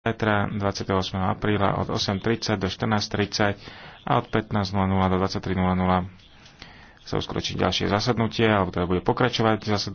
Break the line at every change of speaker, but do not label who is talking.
zajtra 28. apríla od 8.30 do 14.30 a od 15.00 do 23.00 sa uskročí ďalšie zasadnutie, alebo to teda bude pokračovať zasadnutie.